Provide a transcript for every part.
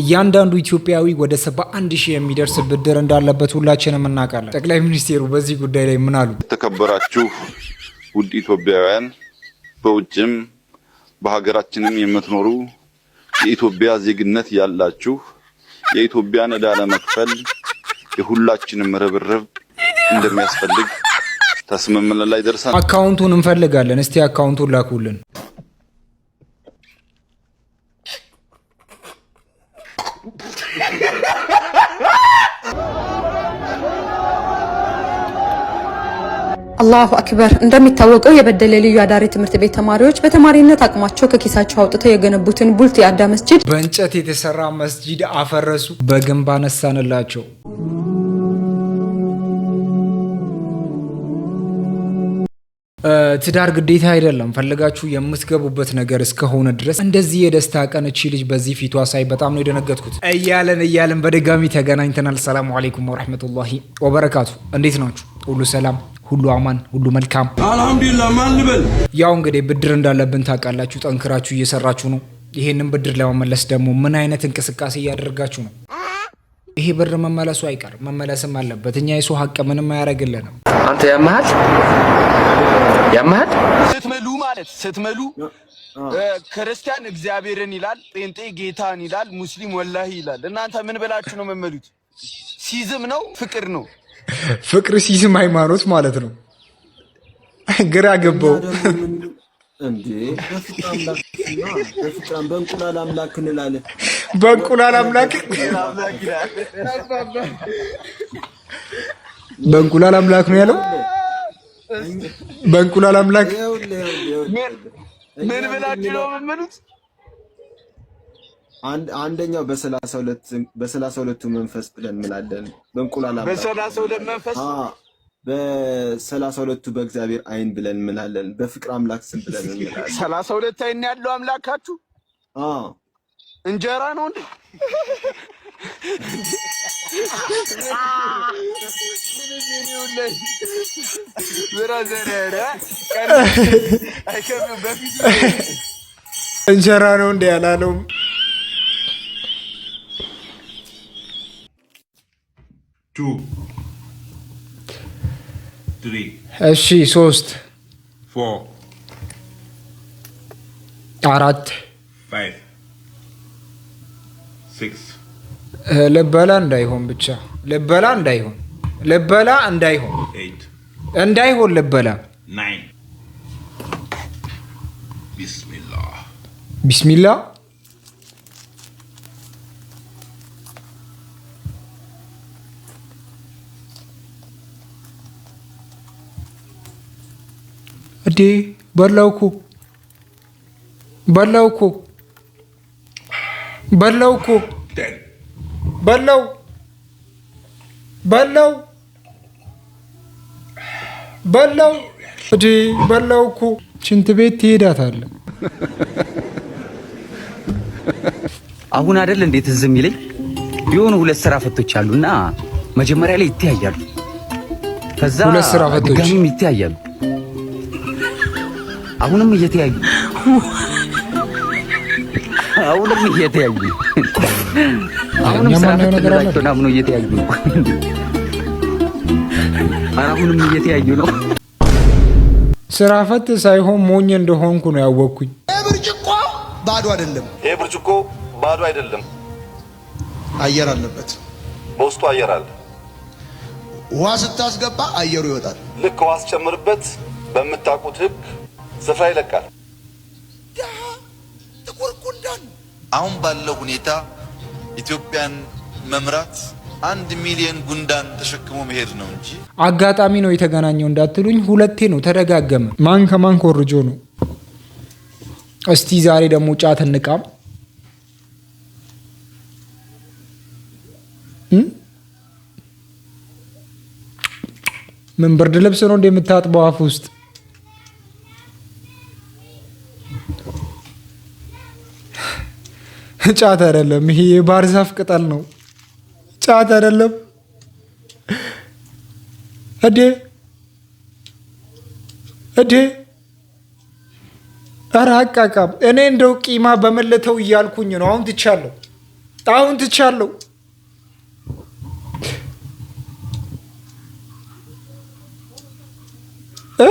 እያንዳንዱ ኢትዮጵያዊ ወደ ሰባ አንድ ሺህ የሚደርስ ብድር እንዳለበት ሁላችንም እናውቃለን። ጠቅላይ ሚኒስቴሩ በዚህ ጉዳይ ላይ ምን አሉ? የተከበራችሁ ውድ ኢትዮጵያውያን፣ በውጭም በሀገራችንም የምትኖሩ የኢትዮጵያ ዜግነት ያላችሁ የኢትዮጵያን ዕዳ ለመክፈል የሁላችንም ርብርብ እንደሚያስፈልግ ተስምምን ላይ ደርሰን አካውንቱን እንፈልጋለን። እስቲ አካውንቱን ላኩልን። አላሁ አክበር። እንደሚታወቀው የበደለ ልዩ አዳሪ ትምህርት ቤት ተማሪዎች በተማሪነት አቅማቸው ከኪሳቸው አውጥተው የገነቡትን ቡልት አዳ መስጂድ በእንጨት የተሰራ መስጂድ አፈረሱ። በግንብ አነሳንላቸው። ትዳር ግዴታ አይደለም፣ ፈልጋችሁ የምትገቡበት ነገር እስከሆነ ድረስ እንደዚህ የደስታ ቀን እቺ ልጅ በዚህ ፊቷ ሳይ በጣም ነው የደነገጥኩት። እያለን እያለን በድጋሚ ተገናኝተናል። ሰላሙ አሌይኩም ወረህመቱላሂ ወበረካቱ። እንዴት ናችሁ? ሁሉ ሰላም ሁሉ አማን ሁሉ መልካም አልሐምዱሊላህ። ማን ልበል? ያው እንግዲህ ብድር እንዳለብን ታውቃላችሁ። ጠንክራችሁ እየሰራችሁ ነው። ይህንን ብድር ለመመለስ ደግሞ ምን አይነት እንቅስቃሴ እያደረጋችሁ ነው? ይሄ ብር መመለሱ አይቀርም፣ መመለስም አለበት። እኛ የሱ ሀቅ ምንም አያደርግልንም። አንተ ያመሃል ያመሃል። ስትመሉ ማለት ስትምሉ ክርስቲያን እግዚአብሔርን ይላል፣ ጴንጤ ጌታን ይላል፣ ሙስሊም ወላሂ ይላል። እናንተ ምን ብላችሁ ነው መመሉት? ሲዝም ነው ፍቅር ነው ፍቅር ሲዝም ሃይማኖት ማለት ነው። ግራ ገባው። እንዴ በፍቅር በእንቁላል አምላክ እንላለን በእንቁላል አምላክ በእንቁላል አምላክ ነው ያለው። በእንቁላል አምላክ ምን ብላችሁ ነው የምትሉት? አንደኛው በሰላሳ ሁለቱ መንፈስ ብለን እንላለን። በእንቁላል አምላክ በሰላሳ ሁለት ሁለቱ በእግዚአብሔር አይን ብለን እንላለን። በፍቅር አምላክ ስም ብለን እንላለን። ሰላሳ ሁለት አይን ያለው አምላካችሁ እንጀራ ነው እንዴ? እንጀራ ነው እንዴ ያላለውም እሺ፣ ሶስት አራት Eh, ልበላ እንዳይሆን ብቻ ልበላ እንዳይሆን ልበላ እንዳይሆን እንዳይሆን ልበላ ቢስሚላ እዴ በላው እኮ በላው እኮ በላው እኮ በላው በላው በላው እዲ በላው እኮ ሽንት ቤት ትሄዳታለ። አሁን አይደል እንዴት ዝም ይለኝ? የሆኑ ሁለት ስራ ፈቶች አሉና መጀመሪያ ላይ ይተያያሉ፣ ከዛ ሁለት ስራ ፈቶች ድጋሚም ይተያያሉ፣ አሁንም እየተያዩ አሁንም እየተያዩ አሁንም ስራ ፈትላቸውን አምኖ እየተያዩ አሁንም እየተያዩ ነው። ስራ ፈት ሳይሆን ሞኝ እንደሆንኩ ነው ያወቅኩኝ። ይህ ብርጭቆ ባዶ አይደለም። ይህ ብርጭቆ ባዶ አይደለም። አየር አለበት። በውስጡ አየር አለ። ውሃ ስታስገባ አየሩ ይወጣል። ልክ ውሃ ስጨምርበት በምታውቁት ሕግ ስፍራ ይለቃል። አሁን ባለው ሁኔታ ኢትዮጵያን መምራት አንድ ሚሊዮን ጉንዳን ተሸክሞ መሄድ ነው እንጂ አጋጣሚ ነው የተገናኘው እንዳትሉኝ፣ ሁለቴ ነው ተደጋገመ። ማን ከማን ኮርጆ ነው? እስቲ ዛሬ ደግሞ ጫት እንቃም። ምን ብርድ ልብስ ነው እንደምታጥበው አፍ ውስጥ ጫት አይደለም፣ ይሄ የባህር ዛፍ ቅጠል ነው። ጫት አይደለም እዴ እዴ ኧረ አቃቃም። እኔ እንደው ቂማ በመለተው እያልኩኝ ነው። አሁን ትቻለሁ፣ አሁን ትቻለሁ። እ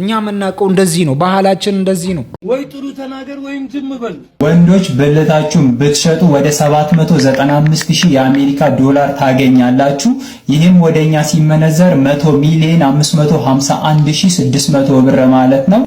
እኛ የምናውቀው እንደዚህ ነው፣ ባህላችን እንደዚህ ነው። ወይ ጥሩ ተናገር ወይም ዝም በል። ወንዶች ብልታችሁን ብትሸጡ ወደ 795 ሺህ የአሜሪካ ዶላር ታገኛላችሁ። ይህም ወደ እኛ ሲመነዘር 100 ሚሊዮን 551 ሺህ 600 ብር ማለት ነው።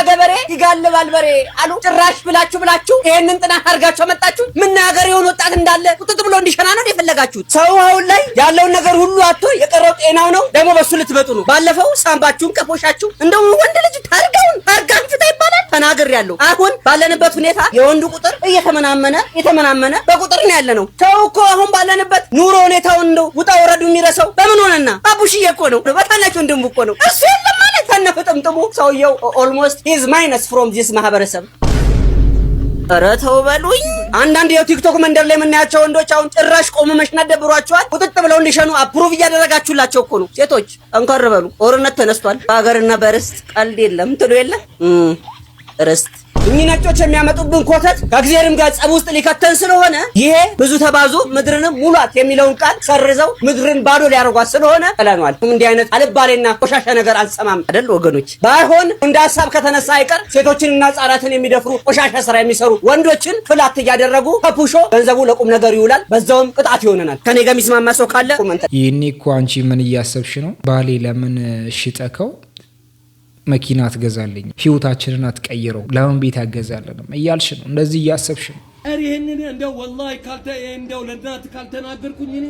ሌላ ገበሬ ይጋልባል በሬ አሉ። ጭራሽ ብላችሁ ብላችሁ ይሄንን ጥናት አድርጋችሁ መጣችሁ። ምን ሀገር የሆነ ወጣት እንዳለ ቁጥጥ ብሎ እንዲሸና ነው የፈለጋችሁት? ሰው አሁን ላይ ያለውን ነገር ሁሉ አቶ የቀረው ጤናው ነው። ደግሞ በሱ ልትመጡ ነው። ባለፈው ሳምባችሁን ከፖሻችሁ እንደው ወንድ ልጅ ታርጋውን ታርጋን ፍታ ይባላል። ተናግር ያለው አሁን ባለንበት ሁኔታ የወንዱ ቁጥር እየተመናመነ እየተመናመነ በቁጥር ነው ያለ ነው። ሰው እኮ አሁን ባለንበት ኑሮ ሁኔታውን እንደው ውጣ ወረዱ የሚረሰው በምን ሆነና? ባቡሽዬ እኮ ነው በታናቸው ወንድሙ እኮ ነው እሱ የለም ማለት ተነፍጥምጥሙ ሰውየው ኦልሞስት ኢዝ ማይነስ ፍሮም ዚስ ማህበረሰብ። ኧረ ተው በሉኝ። አንዳንድ የቲክቶክ መንደር ላይ የምናያቸው ወንዶች አሁን ጭራሽ ቆሙ መሽናት ደብሯቸዋል። ቁጥጥ ብለው እንዲሸኑ አፕሩቭ እያደረጋችሁላቸው እኮ ነው። ሴቶች እንከር በሉ። ጦርነት ተነስቷል በሀገርና በርስት ቀልድ የለም ትሉ የለ ርስት እኚህ ነጮች የሚያመጡብን ኮተት ከእግዚአብሔርም ጋር ጸብ ውስጥ ሊከተን ስለሆነ ይሄ ብዙ ተባዙ ምድርንም ሙሏት የሚለውን ቃል ሰርዘው ምድርን ባዶ ሊያደርጓት ስለሆነ ብለኗል። እንዲህ አይነት አልባሌና ቆሻሻ ነገር አንሰማም አደል ወገኖች? ባይሆን እንደ ሀሳብ ከተነሳ አይቀር ሴቶችንና ህጻናትን የሚደፍሩ ቆሻሻ ስራ የሚሰሩ ወንዶችን ፍላት እያደረጉ ከፑሾ ገንዘቡ ለቁም ነገር ይውላል። በዛውም ቅጣት ይሆነናል። ከኔ ጋር የሚስማማ ሰው ካለ ይህኔ እኮ አንቺ ምን እያሰብሽ ነው? ባሌ ለምን ሽጠከው መኪና አትገዛልኝ፣ ህይወታችንን አትቀይረው፣ ለምን ቤት ያገዛልንም እያልሽ ነው። እንደዚህ እያሰብሽ ነው። ይህንን እንደው ወላሂ እንደው ለእናት ካልተናገርኩኝ እኔ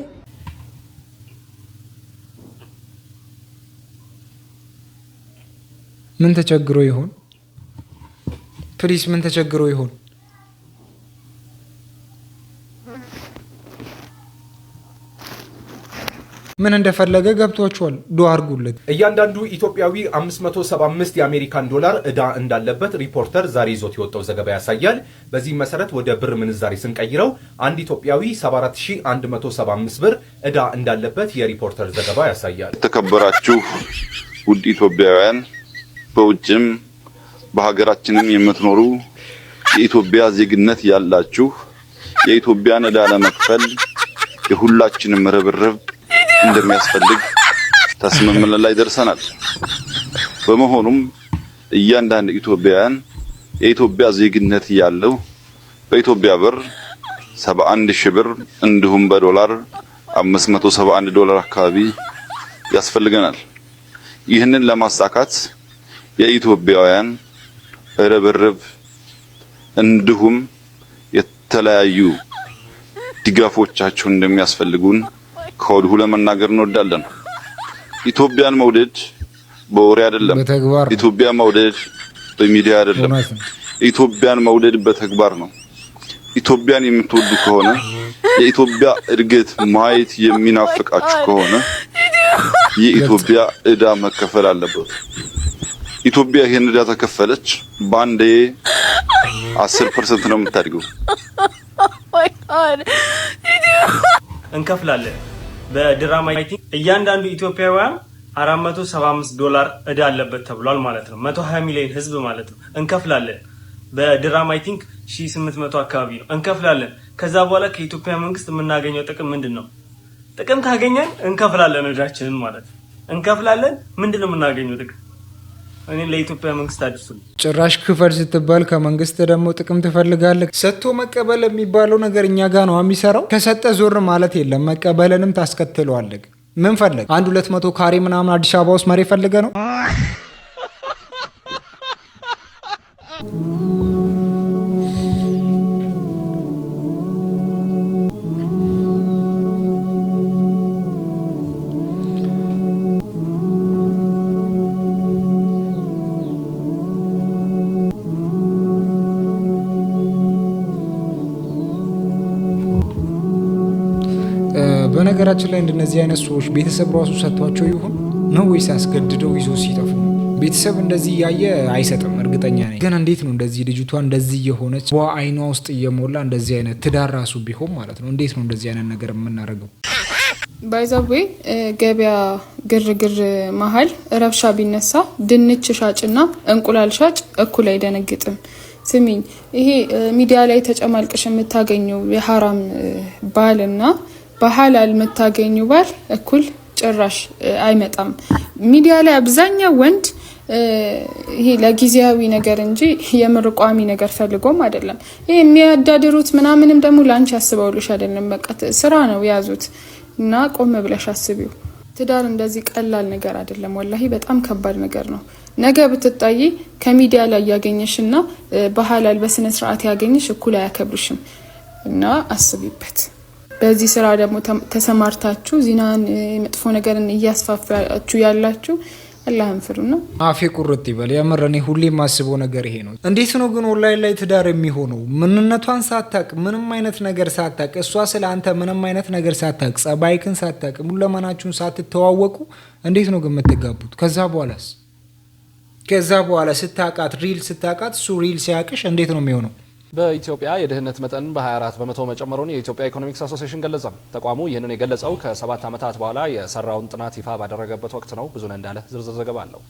ምን ተቸግሮ ይሆን? ፕሊስ ምን ተቸግሮ ይሆን? ምን እንደፈለገ ገብቷቸዋል። ዶ አርጉለት። እያንዳንዱ ኢትዮጵያዊ 575 የአሜሪካን ዶላር እዳ እንዳለበት ሪፖርተር ዛሬ ይዞት የወጣው ዘገባ ያሳያል። በዚህ መሰረት ወደ ብር ምንዛሬ ስንቀይረው አንድ ኢትዮጵያዊ 74175 ብር እዳ እንዳለበት የሪፖርተር ዘገባ ያሳያል። የተከበራችሁ ውድ ኢትዮጵያውያን በውጭም በሀገራችንም የምትኖሩ የኢትዮጵያ ዜግነት ያላችሁ የኢትዮጵያን እዳ ለመክፈል የሁላችንም ርብርብ እንደሚያስፈልግ ስምምነት ላይ ደርሰናል። በመሆኑም እያንዳንድ ኢትዮጵያውያን የኢትዮጵያ ዜግነት ያለው በኢትዮጵያ ብር 71 ሺህ ብር እንዲሁም በዶላር 571 ዶላር አካባቢ ያስፈልገናል። ይህንን ለማሳካት የኢትዮጵያውያን ርብርብ እንዲሁም የተለያዩ ድጋፎቻቸውን እንደሚያስፈልጉን ከወዲሁ ለመናገር እንወዳለን። ኢትዮጵያን መውደድ በወሬ አይደለም። ኢትዮጵያ መውደድ በሚዲያ አይደለም። ኢትዮጵያን መውደድ በተግባር ነው። ኢትዮጵያን የምትወዱ ከሆነ የኢትዮጵያ እድገት ማየት የሚናፍቃችሁ ከሆነ የኢትዮጵያ እዳ መከፈል አለበት። ኢትዮጵያ ይሄን እዳ ተከፈለች፣ በአንዴ 10% ነው የምታድገው። oh እንከፍላለን በድራማ እያንዳንዱ ኢትዮጵያውያን 475 ዶላር እዳ አለበት ተብሏል ማለት ነው። 120 ሚሊዮን ህዝብ ማለት ነው። እንከፍላለን በድራማ ራይቲንግ ቲንክ 1800 አካባቢ ነው እንከፍላለን። ከዛ በኋላ ከኢትዮጵያ መንግስት የምናገኘው ጥቅም ምንድን ነው? ጥቅም ካገኘን እንከፍላለን እዳችንን ማለት ነው። እንከፍላለን ምንድን ነው የምናገኘው ጥቅም እኔ ለኢትዮጵያ መንግስት አዲሱ ጭራሽ ክፈል ስትባል ከመንግስት ደግሞ ጥቅም ትፈልጋለህ። ሰጥቶ መቀበል የሚባለው ነገር እኛ ጋ ነው የሚሰራው። ከሰጠ ዞር ማለት የለም መቀበልንም ታስከትለዋለህ። ምን ፈለግ አንድ ሁለት መቶ ካሬ ምናምን አዲስ አበባ ውስጥ መሬ ፈልገ ነው በነገራችን ላይ እንደነዚህ አይነት ሰዎች ቤተሰብ ራሱ ሰጥቷቸው ይሁን ነው ወይስ አስገድደው ይዞ ሲጠፉ? ቤተሰብ እንደዚህ እያየ አይሰጥም፣ እርግጠኛ ነኝ። ግን እንዴት ነው እንደዚህ ልጅቷ እንደዚህ የሆነች ዋ አይኗ ውስጥ እየሞላ እንደዚህ አይነት ትዳር ራሱ ቢሆን ማለት ነው እንዴት ነው እንደዚህ አይነት ነገር የምናደርገው? ባይዛዌ ገበያ ግርግር መሀል ረብሻ ቢነሳ ድንች ሻጭና እንቁላል ሻጭ እኩል አይደነግጥም። ስሚኝ፣ ይሄ ሚዲያ ላይ ተጨማልቅሽ የምታገኘው የሀራም ባልና በሀላል የምታገኙ ባል እኩል ጭራሽ አይመጣም። ሚዲያ ላይ አብዛኛው ወንድ ይሄ ለጊዜያዊ ነገር እንጂ የምር ቋሚ ነገር ፈልጎም አይደለም። ይሄ የሚያዳድሩት ምናምንም ደግሞ ለአንቺ አስበውልሽ አይደለም። በቃ ስራ ነው የያዙት እና ቆም ብለሽ አስቢው። ትዳር እንደዚህ ቀላል ነገር አይደለም። ወላሂ በጣም ከባድ ነገር ነው። ነገ ብትጣይ ከሚዲያ ላይ ያገኘሽ እና በሀላል በስነ ስርዓት ያገኘሽ እኩል አያከብርሽም እና አስቢበት። በዚህ ስራ ደግሞ ተሰማርታችሁ ዜናን የመጥፎ ነገርን እያስፋፋችሁ ያላችሁ አላህን ነው። አፌ ቁርጥ ይበል። የምር እኔ ሁሌ የማስበው ነገር ይሄ ነው። እንዴት ነው ግን ኦንላይን ላይ ትዳር የሚሆነው? ምንነቷን ሳታቅ፣ ምንም አይነት ነገር ሳታቅ፣ እሷ ስለ አንተ ምንም አይነት ነገር ሳታቅ፣ ጸባይክን ሳታቅ፣ ሙለመናችሁን ሳትተዋወቁ እንዴት ነው ግን የምትጋቡት? ከዛ በኋላስ ከዛ በኋላ ስታቃት ሪል ስታቃት እሱ ሪል ሲያቅሽ እንዴት ነው የሚሆነው? በኢትዮጵያ የድህነት መጠን በ24 በመቶ መጨመሩን የኢትዮጵያ ኢኮኖሚክስ አሶሲሽን ገለጸ። ተቋሙ ይህንን የገለጸው ከሰባት ዓመታት በኋላ የሰራውን ጥናት ይፋ ባደረገበት ወቅት ነው። ብዙነህ እንዳለ ዝርዝር ዘገባ አለው።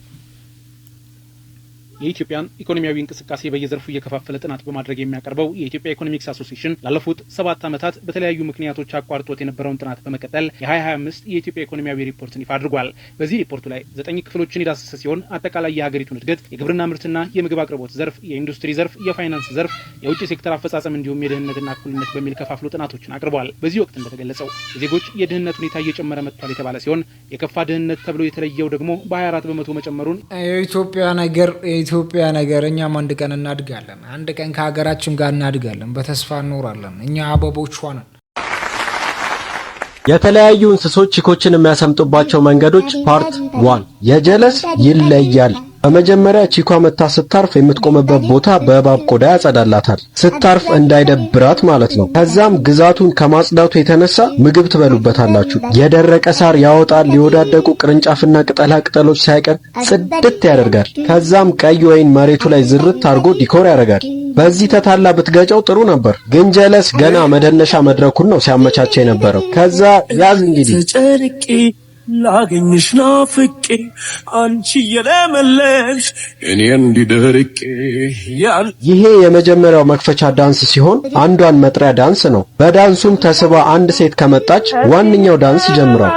የኢትዮጵያን ኢኮኖሚያዊ እንቅስቃሴ በየዘርፉ እየከፋፈለ ጥናት በማድረግ የሚያቀርበው የኢትዮጵያ ኢኮኖሚክስ አሶሲሽን ላለፉት ሰባት ዓመታት በተለያዩ ምክንያቶች አቋርጦት የነበረውን ጥናት በመቀጠል የ2025 የኢትዮጵያ ኢኮኖሚያዊ ሪፖርትን ይፋ አድርጓል። በዚህ ሪፖርቱ ላይ ዘጠኝ ክፍሎችን የዳሰሰ ሲሆን አጠቃላይ የሀገሪቱን እድገት፣ የግብርና ምርትና የምግብ አቅርቦት ዘርፍ፣ የኢንዱስትሪ ዘርፍ፣ የፋይናንስ ዘርፍ፣ የውጭ ሴክተር አፈጻጸም እንዲሁም የድህነትና እኩልነት በሚል ከፋፍሎ ጥናቶችን አቅርቧል። በዚህ ወቅት እንደተገለጸው የዜጎች የድህነት ሁኔታ እየጨመረ መጥቷል የተባለ ሲሆን የከፋ ድህነት ተብሎ የተለየው ደግሞ በ24 በመቶ መጨመሩን የኢትዮጵያ ነገር የኢትዮጵያ ነገር እኛም አንድ ቀን እናድጋለን። አንድ ቀን ከሀገራችን ጋር እናድጋለን። በተስፋ እንኖራለን። እኛ አበቦቿ ነን። የተለያዩ እንስሶች ቺኮችን የሚያሰምጡባቸው መንገዶች ፓርት ዋን የጀለስ ይለያል። በመጀመሪያ ቺኳ መታ ስታርፍ የምትቆመበት ቦታ በእባብ ቆዳ ያጸዳላታል። ስታርፍ እንዳይደብራት ማለት ነው። ከዛም ግዛቱን ከማጽዳቱ የተነሳ ምግብ ትበሉበታላችሁ። የደረቀ ሳር ያወጣል፣ የወዳደቁ ቅርንጫፍና ቅጠላ ቅጠሎች ሳይቀር ጽድት ያደርጋል። ከዛም ቀይ ወይን መሬቱ ላይ ዝርት አድርጎ ዲኮር ያደርጋል። በዚህ ተታላ ብትገጨው ጥሩ ነበር፣ ግን ጀለስ ገና መደነሻ መድረኩን ነው ሲያመቻቸ የነበረው። ከዛ ያዝ እንግዲህ ላገኝሽ ናፍቄ አንቺ የለመለሽ እኔ እንዲደርቄ። ይሄ የመጀመሪያው መክፈቻ ዳንስ ሲሆን አንዷን መጥሪያ ዳንስ ነው። በዳንሱም ተስባ አንድ ሴት ከመጣች ዋነኛው ዳንስ ጀምሯል።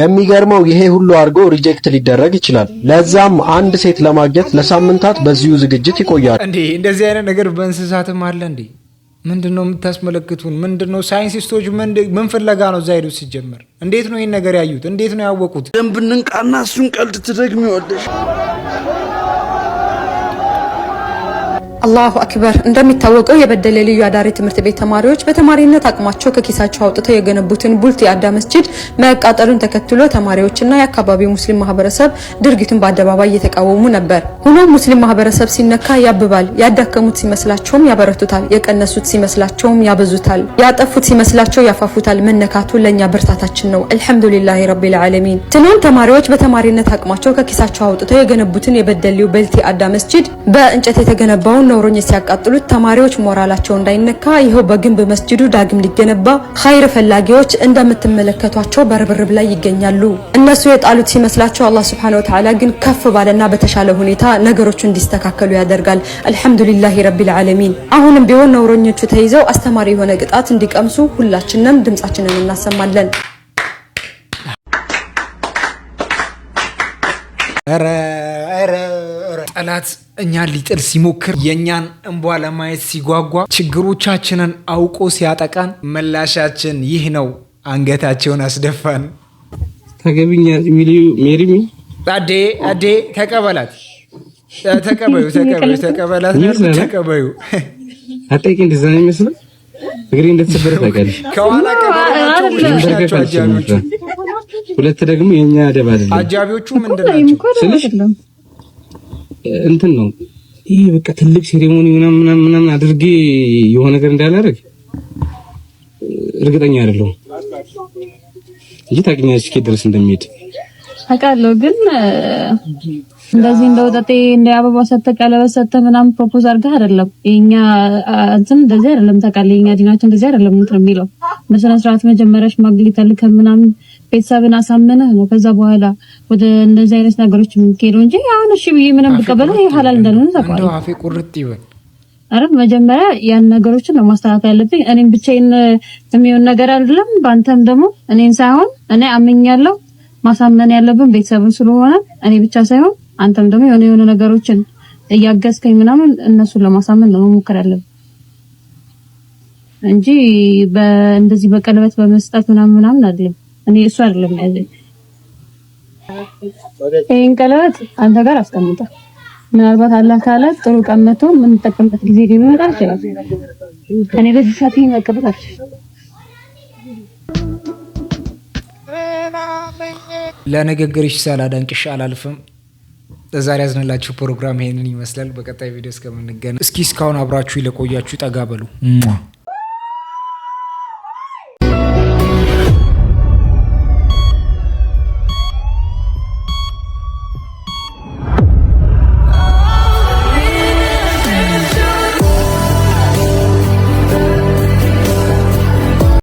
የሚገርመው ይሄ ሁሉ አድርጎ ሪጀክት ሊደረግ ይችላል። ለዛም አንድ ሴት ለማግኘት ለሳምንታት በዚሁ ዝግጅት ይቆያል። እንዴ እንደዚህ አይነት ነገር በእንስሳትም አለ እንዴ? ምንድን ነው የምታስመለክቱን? ምንድን ነው ሳይንቲስቶች ምን ፍለጋ ነው እዛ ሄዱት? ሲጀመር እንዴት ነው ይህን ነገር ያዩት? እንዴት ነው ያወቁት? ደንብ ንቃና እሱን ቀልድ ትደግሚዋለሽ አላሁ አክበር። እንደሚታወቀው የበደሌ ልዩ አዳሪ ትምህርት ቤት ተማሪዎች በተማሪነት አቅማቸው ከኪሳቸው አውጥተው የገነቡትን ቡልት አዳ መስጂድ መቃጠሉን ተከትሎ ተማሪዎችና የአካባቢው ሙስሊም ማህበረሰብ ድርጊቱን በአደባባይ እየተቃወሙ ነበር። ሆኖም ሙስሊም ማህበረሰብ ሲነካ ያብባል። ያዳከሙት ሲመስላቸውም ያበረቱታል፣ የቀነሱት ሲመስላቸውም ያበዙታል፣ ያጠፉት ሲመስላቸው ያፋፉታል። መነካቱ ለእኛ ብርታታችን ነው። አልሐምዱሊላህ ረቢል ዓለሚን። ትናንት ተማሪዎች በተማሪነት አቅማቸው ከኪሳቸው አውጥተው የገነቡትን የበደሌው ቡልቲ አዳ መስጂድ በእንጨት የተገነባውን ነውሮኝ ሲያቃጥሉት ተማሪዎች ሞራላቸው እንዳይነካ ይኸው በግንብ መስጂዱ ዳግም ሊገነባ ኸይር ፈላጊዎች እንደምትመለከቷቸው በርብርብ ላይ ይገኛሉ። እነሱ የጣሉት ሲመስላቸው አላህ ሱብሓነሁ ወተዓላ ግን ከፍ ባለና በተሻለ ሁኔታ ነገሮቹ እንዲስተካከሉ ያደርጋል። አልሐምዱሊላሂ ረቢል ዓለሚን። አሁንም ቢሆን ነውረኞቹ ተይዘው አስተማሪ የሆነ ቅጣት እንዲቀምሱ ሁላችንም ድምጻችንን እናሰማለን። ኧረ ጠላት እኛን ሊጥል ሲሞክር የእኛን እንቧ ለማየት ሲጓጓ ችግሮቻችንን አውቆ ሲያጠቃን ምላሻችን ይህ ነው። አንገታቸውን አስደፋን። ታገቢኛ ሜሪ አዴ አዴ ተቀበላት፣ ተቀበዩ፣ ተቀበዩ፣ ተቀበላት፣ ተቀበዩ። አጠቂ እንደዛ ነው ይመስላል። እግሬ እንደተሰበረ ታውቃለሽ። ከኋላ ቀበረናቸው ሁለት ደግሞ የእኛ አደብ አለ። አጃቢዎቹ ምንድን ናቸው ስልሽ እንትን ነው ይህ በቃ ትልቅ ሴሬሞኒ ምናምን ምናምን አድርጌ የሆነ ነገር እንዳላደርግ እርግጠኛ አይደለሁም እንጂ ታውቂኛለሽ እስኪ ድረስ እንደሚሄድ አውቃለሁ። ግን እንደዚህ እንደ ወጠጤ እንደ አበባ ሰጥተህ ቀለበት ሰጥተህ ምናምን ፕሮፖዝ አድርገህ አይደለም። የኛ እንትን እንደዚህ አይደለም። ታውቃለህ፣ የኛ ዲናችን እንደዚህ አይደለም። እንትን የሚለው በስነ ስርዓት መጀመሪያ ሽማግሌ ተልከ ምናምን ቤተሰብን አሳምነህ ነው ከዛ በኋላ ወደ እንደዚህ አይነት ነገሮች የምትሄደው እንጂ አሁን እሺ ብዬ ምንም ብቀበለ ይሄ ሀላል እንዳልሆነ አፌ ቁርጥ ይበል። አረ መጀመሪያ ያን ነገሮችን ነው ማስተካከል ያለብኝ። እኔም ብቻዬን የሚሆን ነገር አይደለም። በአንተም ደግሞ እኔን ሳይሆን እኔ አምኛለሁ ማሳመን ያለብን ቤተሰብን ስለሆነ እኔ ብቻ ሳይሆን አንተም ደግሞ የሆነ የሆነ ነገሮችን እያገዝከኝ ምናምን እነሱን ለማሳመን ነው መሞከር ያለብን እንጂ በእንደዚህ በቀለበት በመስጠት ምናምን ምናምን አይደለም። እኔ እሱ አይደለም ያዘኝ። ይሄን ቀለበት አንተ ጋር አስቀምጠ ምናልባት አላህ ካለ ጥሩ ቀን መጥቶ የምንጠቀምበት ጊዜ ሊመጣ ይችላል። እኔ በዚህ ሰዓት ይሄን መቀበል አልችልም። ለንግግርሽ ሳላደንቅሽ አላልፍም። ለዛሬ ያዝንላችሁ ፕሮግራም ይሄንን ይመስላል። በቀጣይ ቪዲዮ እስከምንገናኝ እስኪ እስካሁን አብራችሁ ለቆያችሁ ጠጋ በሉ።